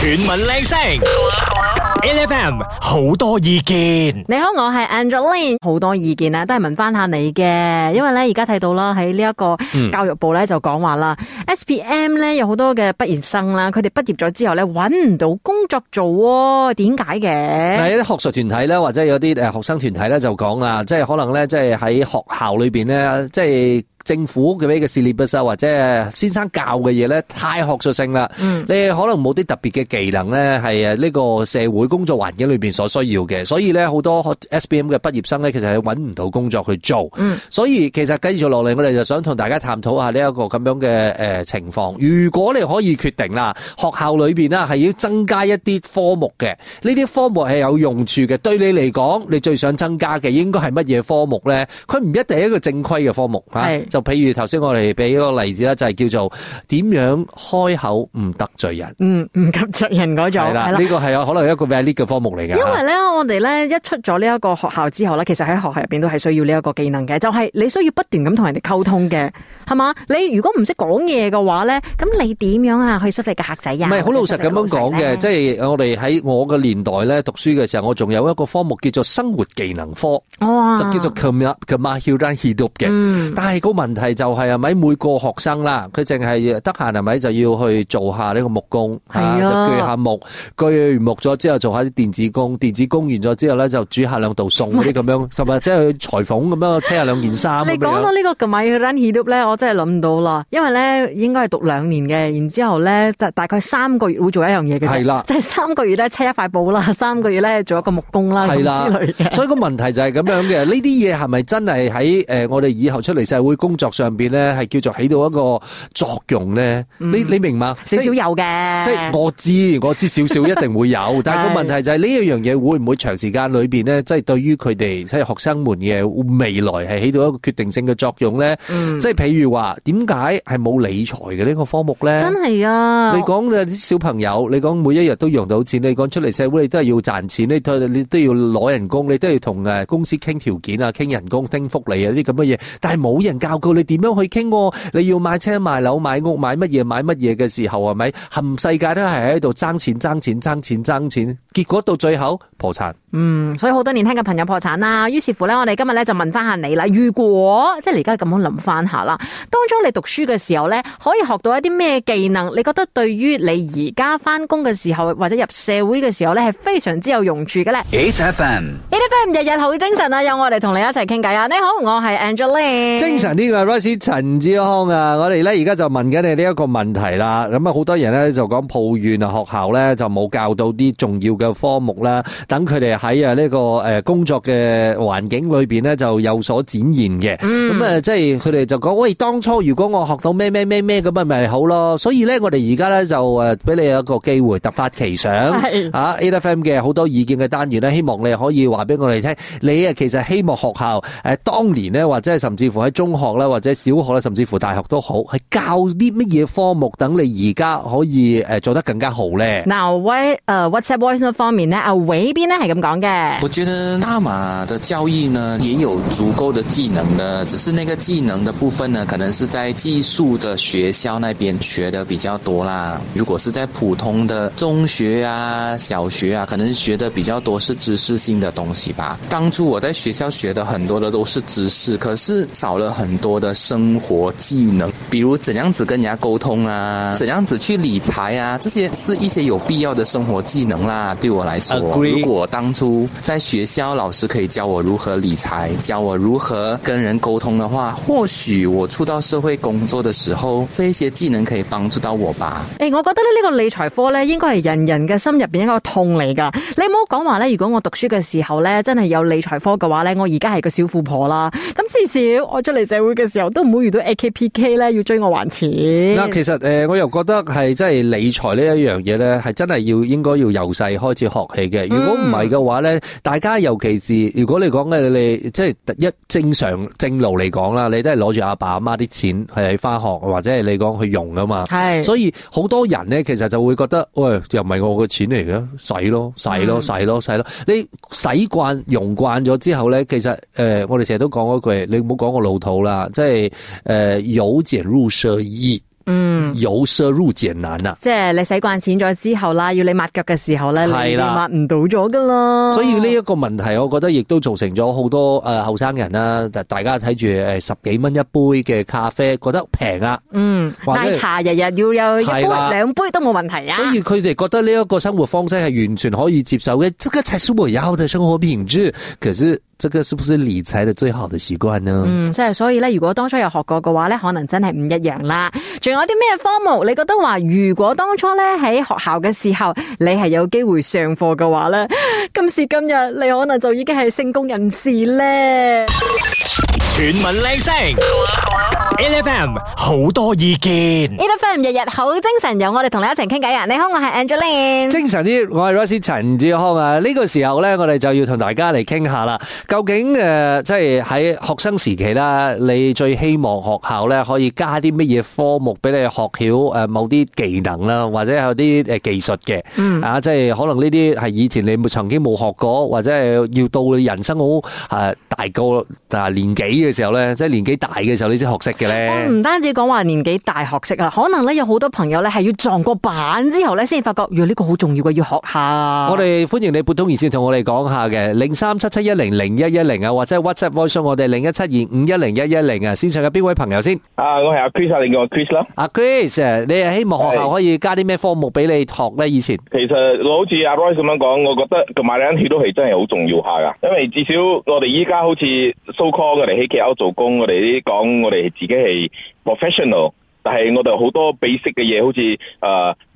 全民靚聲，L F M 好多意見。你好，我係 Angeline 好多意見啊，都係問翻下你嘅，因為咧而家睇到啦，喺呢一個教育部咧就講話啦，S P M 咧有好多嘅畢業生啦，佢哋畢業咗之後咧搵唔到工作做，點解嘅？係一啲學術團體呢，或者有啲誒學生團體咧就講啦，即係可能咧，即係喺學校裏邊咧，即係。政府佢俾嘅 syllabus，或者先生教嘅嘢咧太學術性啦。嗯，你可能冇啲特別嘅技能咧，係誒呢個社會工作環境裏邊所需要嘅，所以咧好多 SPM 嘅畢業生咧，其實係揾唔到工作去做。嗯，所以其實跟住落嚟，我哋就想同大家探討下呢一個咁樣嘅誒情況。如果你可以決定啦，學校裏邊啦係要增加一啲科目嘅，呢啲科目係有用處嘅。對你嚟講，你最想增加嘅應該係乜嘢科目咧？佢唔一定係一個正規嘅科目嚇。係。譬如頭先我哋俾一個例子啦，就係叫做點樣開口唔得罪人，嗯，唔得罪人嗰種係啦。呢個係啊，可能一個 very 嘅科目嚟噶。因為咧，我哋咧一出咗呢一個學校之後咧，其實喺學校入邊都係需要呢一個技能嘅，就係你需要不斷咁同人哋溝通嘅，係嘛？你如果唔識講嘢嘅話咧，咁你點樣啊去收你嘅客仔啊？唔係好老實咁樣講嘅，即係我哋喺我嘅年代咧讀書嘅時候，我仲有一個科目叫做生活技能科，就叫做 Kemahiran，Kemahiran Hidup 嘅，但係個。問題就係係咪每個學生啦，佢淨係得閒係咪就要去做下呢個木工，係就鋸下木鋸完木咗之後做下啲電子工，電子工完咗之後咧就煮下兩道餸啲咁樣，係咪即係去裁縫咁樣，車下兩件衫？你講到呢個咁咪咧，我真係諗唔到啦，因為咧應該係讀兩年嘅，然之後咧大大概三個月會做一樣嘢嘅，係啦，即係三個月咧車一塊布啦，三個月咧做一個木工啦，係啦，所以個問題就係咁樣嘅，呢啲嘢係咪真係喺誒我哋以後出嚟社會工？工作上邊咧，係叫做起到一個作用咧。你你明嘛？少少有嘅，即係我知，我知少少一定會有。但係個問題就係呢一樣嘢會唔會長時間裏邊咧，即係對於佢哋即係學生們嘅未來係起到一個決定性嘅作用咧？即係譬如話，點解係冇理財嘅呢個科目咧？真係啊！你講誒啲小朋友，你講每一日都用到錢，你講出嚟社會你都係要賺錢，你都你都要攞人工，你都要同誒公司傾條件啊，傾人工、傾福利啊啲咁嘅嘢，但係冇人教。告你點樣去傾？你要買車、買樓、買屋、買乜嘢、買乜嘢嘅時候，係咪？全世界都係喺度爭錢、爭錢、爭錢、爭錢，結果到最後破產。嗯，所以好多年輕嘅朋友破產啦。於是乎咧，我哋今日咧就問翻下你啦。如果即係你而家咁樣諗翻下啦，當初你讀書嘅時候咧，可以學到一啲咩技能？你覺得對於你而家翻工嘅時候或者入社會嘅時候咧，係非常之有用處嘅咧？HFM，HFM 日日好精神啊！有我哋同你一齊傾偈啊！你好，我係 Angeline，精神啲。陳志康啊，我哋咧而家就問緊你呢一個問題啦。咁啊，好多人咧就講抱怨啊，學校咧就冇教到啲重要嘅科目啦，等佢哋喺啊呢個誒工作嘅環境裏邊咧就有所展現嘅。咁啊，即係佢哋就講，喂，當初如果我學到咩咩咩咩咁，咪咪好咯。所以咧，我哋而家咧就誒俾你有一個機會，突發奇想，吓。A F M 嘅好多意見嘅單元咧，希望你可以話俾我哋聽，你啊其實希望學校誒當年咧，或者係甚至乎喺中學。或者小學啦，甚至乎大學都好，係教啲乜嘢科目，等你而家可以誒做得更加好咧。Now，誒 WhatsApp Voice 方面咧，阿偉呢邊咧係咁講嘅。我覺得大馬的教育呢，也有足夠的技能呢，只是那個技能的部分呢，可能是在技術的學校那邊學的比較多啦。如果是在普通的中學啊、小學啊，可能學的比較多是知識性的東西吧。當初我在學校學的很多的都是知識，可是少了很多。我的生活技能，比如怎樣子跟人家溝通啊，怎樣子去理財啊，這些是一些有必要的生活技能啦。對我來說，agree. 如果當初在學校老師可以教我如何理財，教我如何跟人溝通的話，或許我出到社會工作的時候，這一些技能可以幫助到我吧。誒、哎，我覺得咧呢個理財科咧，應該係人人嘅心入邊一個痛嚟噶。你唔好講話咧，如果我讀書嘅時候咧真係有理財科嘅話咧，我而家係個小富婆啦。咁至少我出嚟社會嘅時候都唔會遇到 AKPK 咧，要追我還錢。嗱，其實誒、呃，我又覺得係真係理財呢一樣嘢咧，係真係要應該要由細開始學起嘅。如果唔係嘅話咧，嗯、大家尤其是如果你講嘅你即係一正常正路嚟講啦，你都係攞住阿爸阿媽啲錢係返學或者係你講去用㗎嘛。係。是 所以好多人咧，其實就會覺得，喂，又唔係我嘅錢嚟嘅，使咯，使咯，使咯，使咯，咯，咯。你使慣用慣咗之後咧，其實誒、呃，我哋成日都講嗰句，你唔好講我老土啦。即係誒，由、呃、儉入奢易，嗯，由奢入儉難啊！嗯、即係你使慣錢咗之後啦，要你抹腳嘅時候咧，係啦的，抹唔到咗噶啦。所以呢一個問題，我覺得亦都造成咗好多誒後生人啦。大家睇住誒十幾蚊一杯嘅咖啡，覺得平啊，嗯，奶茶日日要有一杯兩的杯都冇問題啊。所以佢哋覺得呢一個生活方式係完全可以接受嘅，這個才是我要嘅生活品質，可是。這個是不是理財的最好的習慣呢？嗯，即係所以咧，如果當初有學過嘅話咧，可能真係唔一樣啦。仲有啲咩科目你覺得話，如果當初咧喺學校嘅時候，你係有機會上課嘅話咧，今時今日你可能就已經係成功人士咧。選文靚聲，L F M 好多意見，L F M 日日好精神，由我哋同你一齊傾偈啊！你好，我係 Angeline，精神啲，我係 Rosie 陳志康啊！呢個時候咧，我哋就要同大家嚟傾下啦。究竟誒，即係喺學生時期啦，你最希望學校咧可以加啲乜嘢科目俾你學曉誒某啲技能啦，或者有啲誒技術嘅，嗯啊，即係可能呢啲係以前你冇曾經冇學過，或者係要到你人生好誒大個誒年紀嘅。嘅時候咧，即係年紀大嘅時候，你先學識嘅咧，唔單止講話年紀大學識啦，可能咧有好多朋友咧係要撞個板之後咧，先至發覺，原來呢個好重要㗎，要學下。我哋歡迎你撥通熱線同我哋講下嘅零三七七一零零一一零啊，或者 WhatsApp WhatsApp 我哋零一七二五一零一一零啊。線上嘅邊位朋友先？啊，我係阿 Chris 嚟嘅，你叫我 Chris 啦。阿 Chris，你係希望學校可以加啲咩科目俾你學咧？以前其實好似阿 Ray 咁樣講，我覺得同埋馬來西亞都係真係好重要下㗎，因為至少我哋依家好似蘇科嘅嚟希劇交做工，我哋呢啲講，我哋自己係 professional，但係我哋好多 basic 嘅嘢，好似誒。Uh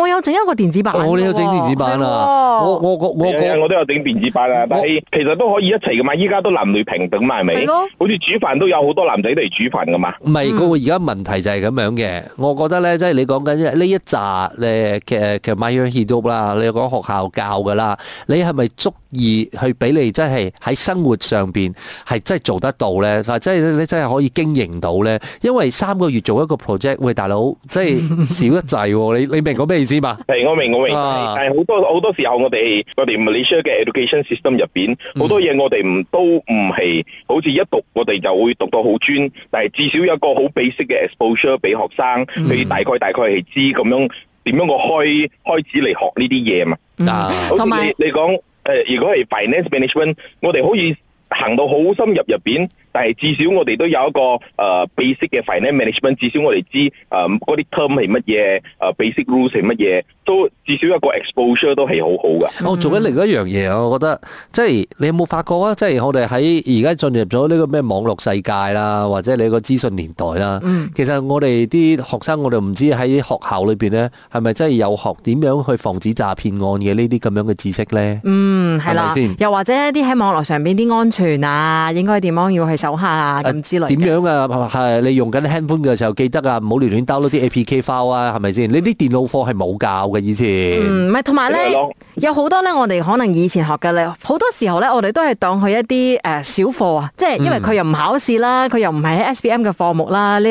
我有整一個電子版、嗯，我有整電子版啊、哦！我我我我都有整電子版啊！我但其實都可以一齊噶嘛，依家我都男女平等埋咪？哦、好似煮飯都有好多男仔嚟煮飯噶嘛。唔係，個而家問題就係咁樣嘅。嗯、我覺得咧，即係你講緊呢一集誒其嘅，my own h 啦，你講學校教噶啦，你係咪足以去俾你即係喺生活上邊係真係做得到咧？即係你真係可以經營到咧？因為三個月做一個 project，喂大佬，即係少得滯， 你你明講咩？知嘛？係我明我明，啊、但係好多好多時候我哋，我哋我哋 Malaysia 嘅 education system 入面，好多嘢我哋唔都唔係好似一讀我哋就會讀到好專，但係至少有一個好 basic 嘅 exposure 俾學生，佢、嗯、大概大概係知咁樣點樣個開開始嚟學呢啲嘢嘛。同埋、啊、你講有、呃、如果係 finance management，我哋可以行到好深入入邊。但係至少我哋都有一個誒、呃、basic 嘅 financial management 至、呃呃。至少我哋知誒，嗰啲 term 係乜嘢，誒，basic rules 係乜嘢，都至少一個 exposure 都係好好噶。我做緊另一樣嘢，我覺得即係你有冇發覺啊？即係我哋喺而家進入咗呢個咩網絡世界啦，或者你個資訊年代啦。嗯、其實我哋啲學生，我哋唔知喺學校裏邊咧，係咪真係有學點樣去防止詐騙案嘅呢啲咁樣嘅知識咧？嗯，係啦。係咪又或者一啲喺網絡上邊啲安全啊，應該點樣要去？手下啊，咁之類。點樣啊？係你用緊 handphone 嘅時候，記得啊，唔好亂亂 download 啲 APK file 啊，係咪先？你啲電腦課係冇教嘅以前。嗯，唔係，同埋咧，有好多咧，我哋可能以前學嘅咧，好多時候咧，我哋都係當佢一啲誒小課啊，即係因為佢又唔考試啦，佢又唔係喺 SBM 嘅科目啦。呢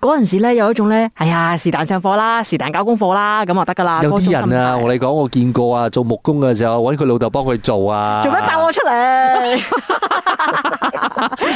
嗰陣時咧，有一種咧，哎呀，是但上課啦，是但交功課啦，咁就得㗎啦。有啲人啊，我哋講我見過啊，做木工嘅時候揾佢老豆幫佢做啊。做咩爆我出嚟？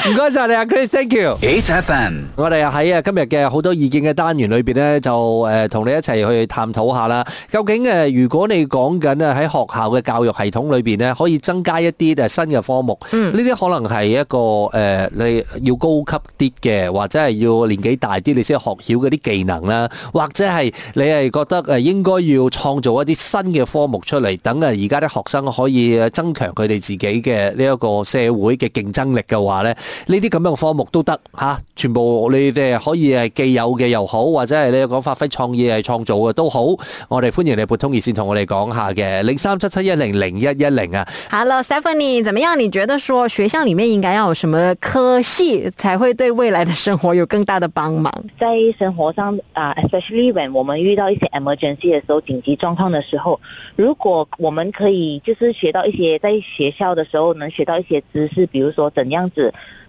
唔該晒你啊，Chris，Thank you。It's FM。我哋喺啊今日嘅好多意見嘅單元裏邊咧，就誒同你一齊去探討下啦。究竟誒，如果你講緊啊喺學校嘅教育系統裏邊咧，可以增加一啲誒新嘅科目，呢啲、嗯、可能係一個誒、呃、你要高級啲嘅，或者係要年紀大啲你先學曉嗰啲技能啦，或者係你係覺得誒應該要創造一啲新嘅科目出嚟，等啊而家啲學生可以增強佢哋自己嘅呢一個社會嘅競爭力嘅話咧？呢啲咁樣嘅科目都得嚇、啊，全部你哋可以係既有嘅又好，或者係你講發揮創意係創造嘅都好，我哋歡迎你撥通熱線同我哋講下嘅零三七七一零零一一零啊。Hello Stephanie，怎麼樣？你覺得說學校裡面應該要有什麼科係才會對未來的生活有更大的幫忙？在生活上啊，especially when 我們遇到一些 emergency 嘅時候，緊急狀況嘅時候，如果我們可以就是學到一些在學校嘅時候能學到一些知識，比如說怎樣子。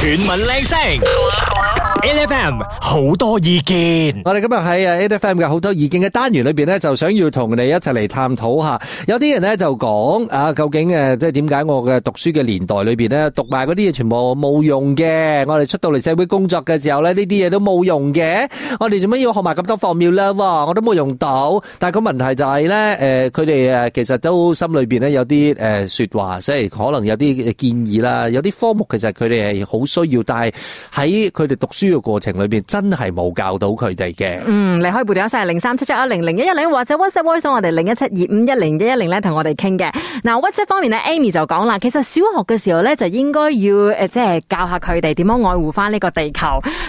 全民靚聲，FM 好多意見。我哋今日喺啊 FM 嘅好多意見嘅單元裏邊咧，就想要同你一齊嚟探討下。有啲人咧就講啊，究竟誒，即係點解我嘅讀書嘅年代裏邊咧，讀埋嗰啲嘢全部冇用嘅？我哋出到嚟社會工作嘅時候咧，呢啲嘢都冇用嘅。我哋做乜要學埋咁多方面啦？我都冇用到。但係個問題就係咧，誒，佢哋誒，其實都心裏邊咧有啲誒說話，即係可能有啲建議啦，有啲科目其實佢哋係好。需要，但係喺佢哋讀書嘅過程裏邊，真係冇教到佢哋嘅。嗯，你可以撥電話嚟零三七七啊，零零一一零，或者 WhatsApp 我哋零一七二五一零一一零咧，同我哋傾嘅。嗱，WhatsApp 方面咧，Amy 就講啦，其實小學嘅時候咧就應該要即係、呃即係、教下佢哋點樣愛護翻呢個地球。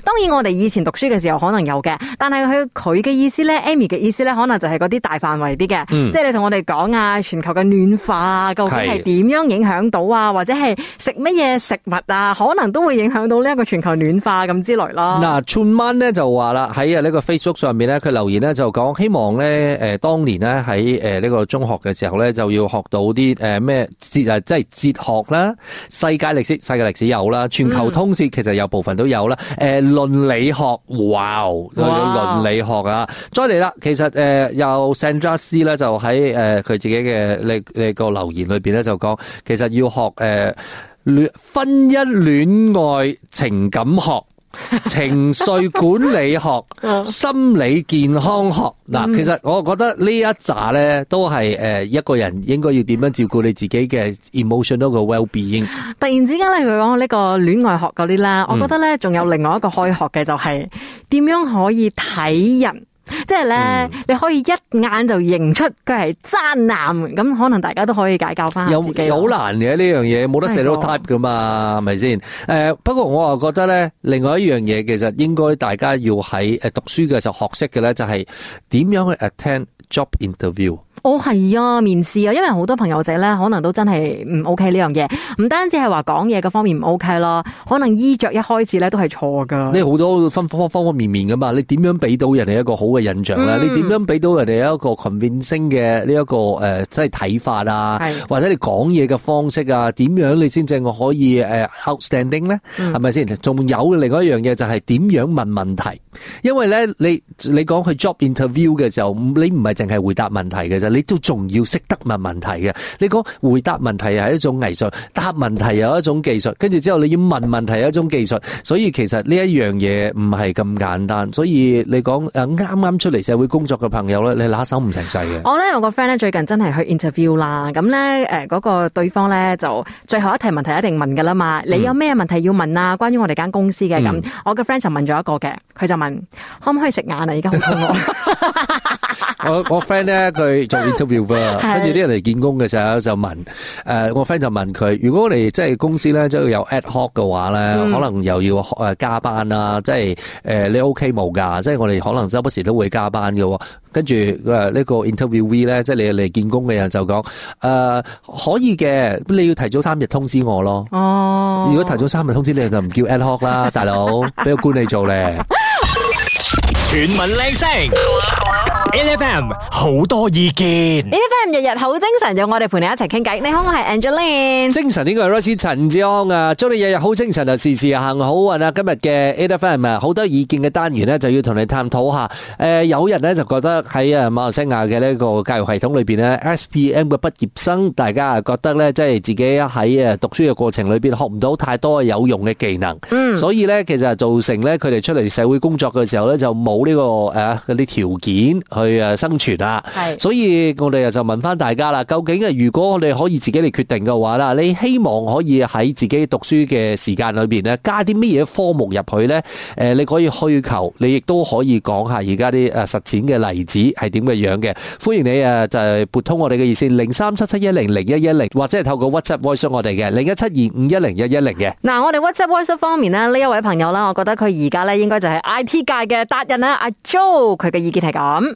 當然，我哋以前讀書嘅時候可能有嘅，但係佢佢嘅意思咧，Amy 嘅意思咧，可能就係嗰啲大範圍啲嘅，嗯，即係你同我哋講啊，全球嘅暖化究竟係點樣影響到啊，是的，或者係食乜嘢食物啊，可能都。會影響到呢一個全球暖化咁之類咯。嗱，串 man 咧就話啦，喺啊呢個 Facebook 上面咧，佢留言咧就講，希望咧誒、呃、當年咧喺誒呢個中學嘅時候咧，就要學到啲誒咩哲誒即係哲學啦、世界歷史、世界歷史有啦、全球通史其實有部分都有啦。誒、嗯，倫、呃、理學，哇，佢嘅倫理學啊，哇再嚟啦。其實誒，有、呃、Sandra C 咧就喺誒佢自己嘅你你個留言裏邊咧就講，其實要學誒。呃戀婚姻、戀愛、情感學、情緒管理學、 心理健康學嗱，其實我覺得呢一扎咧都係誒一個人應該要點樣照顧你自己嘅 emotional well-being。突然之間咧，佢講呢個戀愛學嗰啲啦，我覺得咧仲有另外一個可以學嘅就係、是、點樣可以睇人。即係咧，你可以一眼就認出佢係渣男，咁、嗯、可能大家都可以解救翻自己，有好難嘅呢樣嘢，冇得 set o type stereotype 噶嘛，係咪先？不過我又覺得咧，另外一樣嘢其實應該大家要喺誒讀書嘅時候學識嘅咧，就係點樣去 attend job interview。哦，係啊，面試啊，因為好多朋友仔咧，可能都真係唔 OK 呢樣嘢，唔單止係話講嘢嘅方面唔 OK 咯，可能衣著一開始咧都係錯噶。呢好多方方方方面面噶嘛，你點樣俾到人哋一個好嘅人場啦，你點樣俾到人哋一個 convincing 嘅呢一個誒，即係睇法啊，或者你講嘢嘅方式啊，點樣你先至可以誒 outstanding 呢？係咪先？仲有另外一樣嘢就係點樣問問題？因為呢，你你講去 job interview 嘅時候，你唔係淨係回答問題嘅啫，你都仲要識得問問題嘅。你講回答問題係一種藝術，答問題有一種技術，跟住之後你要問問題有一種技術，所以其實呢一樣嘢唔係咁簡單。所以你講誒啱啱。出嚟社會工作嘅朋友咧，你拿手唔成世嘅。我咧有個 friend 咧，最近真係去 interview 啦。咁咧，誒、呃，嗰、那個對方咧就最後一題問題一定問噶啦嘛。你有咩問題要問啊？關於我哋間公司嘅。咁，嗯、我個 friend 就問咗一個嘅，佢就問可唔可以食晏啊？而家好肚餓。 我我 friend 咧，佢做 interviewer，跟住啲 人嚟的見工嘅時候就問，誒、呃，我 friend 就問佢，如果我哋即係公司咧都要有 ad hoc 嘅話咧，嗯、可能又要誒加班啦、啊，即係誒、呃、你 OK 冇噶？即係我哋可能周不時都會加班嘅、啊。跟住誒呢個 interviewee 咧，即係你嚟見工嘅人就講，誒、呃、可以嘅，你要提早三日通知我咯。哦，如果提早三日通知你就，就唔叫 ad hoc 啦，大佬，俾 個官你做咧。 全民靚聲。A. F. M. 好多意見，A. F. M. 日日好精神，就我哋陪你一齊傾偈。你好，我係 Angeline。精神呢個係 Rosie 陳志昂啊，祝你日日好精神啊，事事行好運啊！今日嘅 A. F. M. 啊，好多意見嘅單元咧，就要同你探討下。誒，有人咧就覺得喺誒馬來西亞嘅呢個教育系統裏邊咧，S. P. M. 嘅畢業生，大家啊覺得咧，即係自己喺誒讀書嘅過程裏邊學唔到太多有用嘅技能，嗯，所以咧其實造成咧佢哋出嚟社會工作嘅時候咧就冇呢個誒嗰啲條件。去啊生存啊，係，所以我哋就問翻大家啦，究竟啊如果我哋可以自己嚟決定嘅話啦，你希望可以喺自己讀書嘅時間裏邊咧，加啲乜嘢科目入去咧？誒，你可以需求，你亦都可以講下而家啲誒實踐嘅例子係點嘅樣嘅。歡迎你啊，就係撥通我哋嘅熱線零三七七一零零一一零，10, 或者係透過 WhatsApp WhatsApp 我哋嘅零一七二五一零一一零嘅。嗱、呃，我哋 WhatsApp WhatsApp 方面呢，呢一位朋友咧，我覺得佢而家咧應該就係 IT 界嘅達人啦，阿、啊、Joe，佢嘅意見係咁。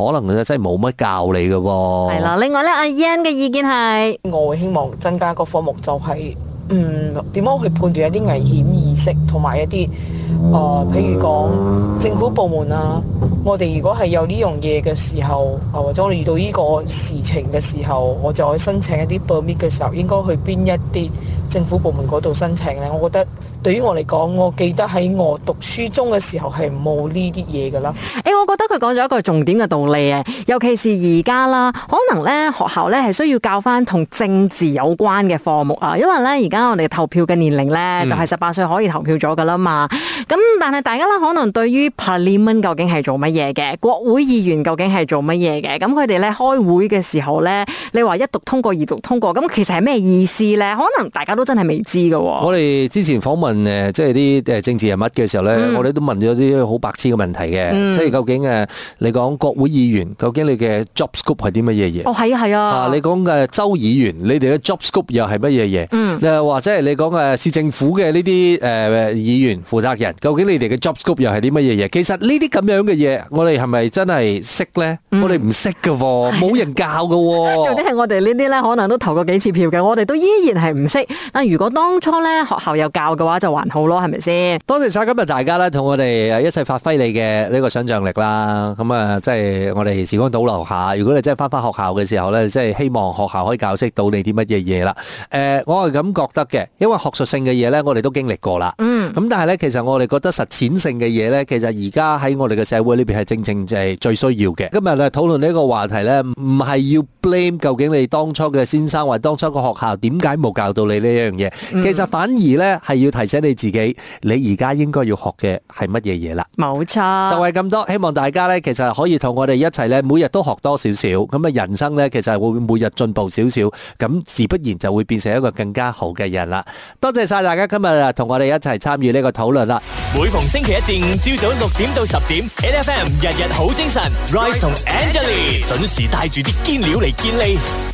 可能咧真係冇乜教你嘅喎、哦。係啦，另外咧，阿 Ian 嘅意見係，我會希望增加個科目就係、是、嗯點樣去判斷一啲危險意識，同埋一啲誒、呃，譬如講政府部門啊。我哋如果係有呢樣嘢嘅時候，或者我哋遇到呢個事情嘅時候，我就去申請一啲 permit 嘅時候，應該去邊一啲政府部門嗰度申請咧？我覺得。對於我嚟講，我記得喺我讀書中嘅時候係冇呢啲嘢㗎喇。誒，我覺得佢講咗一個重點嘅道理啊，尤其是而家啦，可能咧學校咧係需要教返同政治有關嘅科目啊，因為咧而家我哋投票嘅年齡咧、嗯、就係十八歲可以投票咗㗎喇嘛。咁但係大家啦，可能對於 Parliament 究竟係做乜嘢嘅，國會議員究竟係做乜嘢嘅，咁佢哋咧開會嘅時候咧，你話一讀通過二讀通過，咁其實係咩意思咧？可能大家都真係未知㗎喎。我哋之前訪問。問誒，即係啲誒政治人物嘅時候咧，嗯、我哋都問咗啲好白痴嘅問題嘅，嗯、即係究竟誒，你講國會議員究竟你嘅 job scope 係啲乜嘢嘢？哦，係啊，係啊。啊，你講嘅州議員，你哋嘅 job scope 又係乜嘢嘢？嗯誒或者係你講誒市政府嘅呢啲誒議員負責人，究竟你哋嘅 job scope 又係啲乜嘢嘢？其實呢啲咁樣嘅嘢，我哋係咪真係識咧？我哋唔識㗎喎，冇人教㗎喎。重點係我哋呢啲咧，可能都投過幾次票嘅，我哋都依然係唔識。但，如果當初咧學校有教嘅話，就還好咯，係咪先？多謝晒今日大家咧，同我哋一齊發揮你嘅呢個想像力啦。咁啊，即係我哋時光倒流下，如果你真係返返學校嘅時候咧，即係希望學校可以教識到你啲乜嘢嘢啦。誒，我係咁。覺得嘅，因為學術性嘅嘢咧，我哋都經歷過啦。嗯，咁但係咧，其實我哋覺得實踐性嘅嘢咧，其實而家喺我哋嘅社會裏邊係正正就係最需要嘅。今日咧討論呢一個話題咧，唔係要 blame 究竟你當初嘅先生或當初個學校點解冇教到你呢一樣嘢，其實反而咧係要提醒你自己，你而家應該要學嘅係乜嘢嘢啦。冇錯，就係咁多。希望大家咧，其實可以同我哋一齊咧，每日都學多少少，咁啊，人生咧其實係會每日進步少少，咁自不然就會變成一個更加好嘅人啦，多謝晒大家今日啊，同我哋一齊參與呢個討論啦。每逢星期一至五朝早六點到十點，NFM 日日好精神，Rise 同 Angelina 準時帶住啲堅料嚟見你。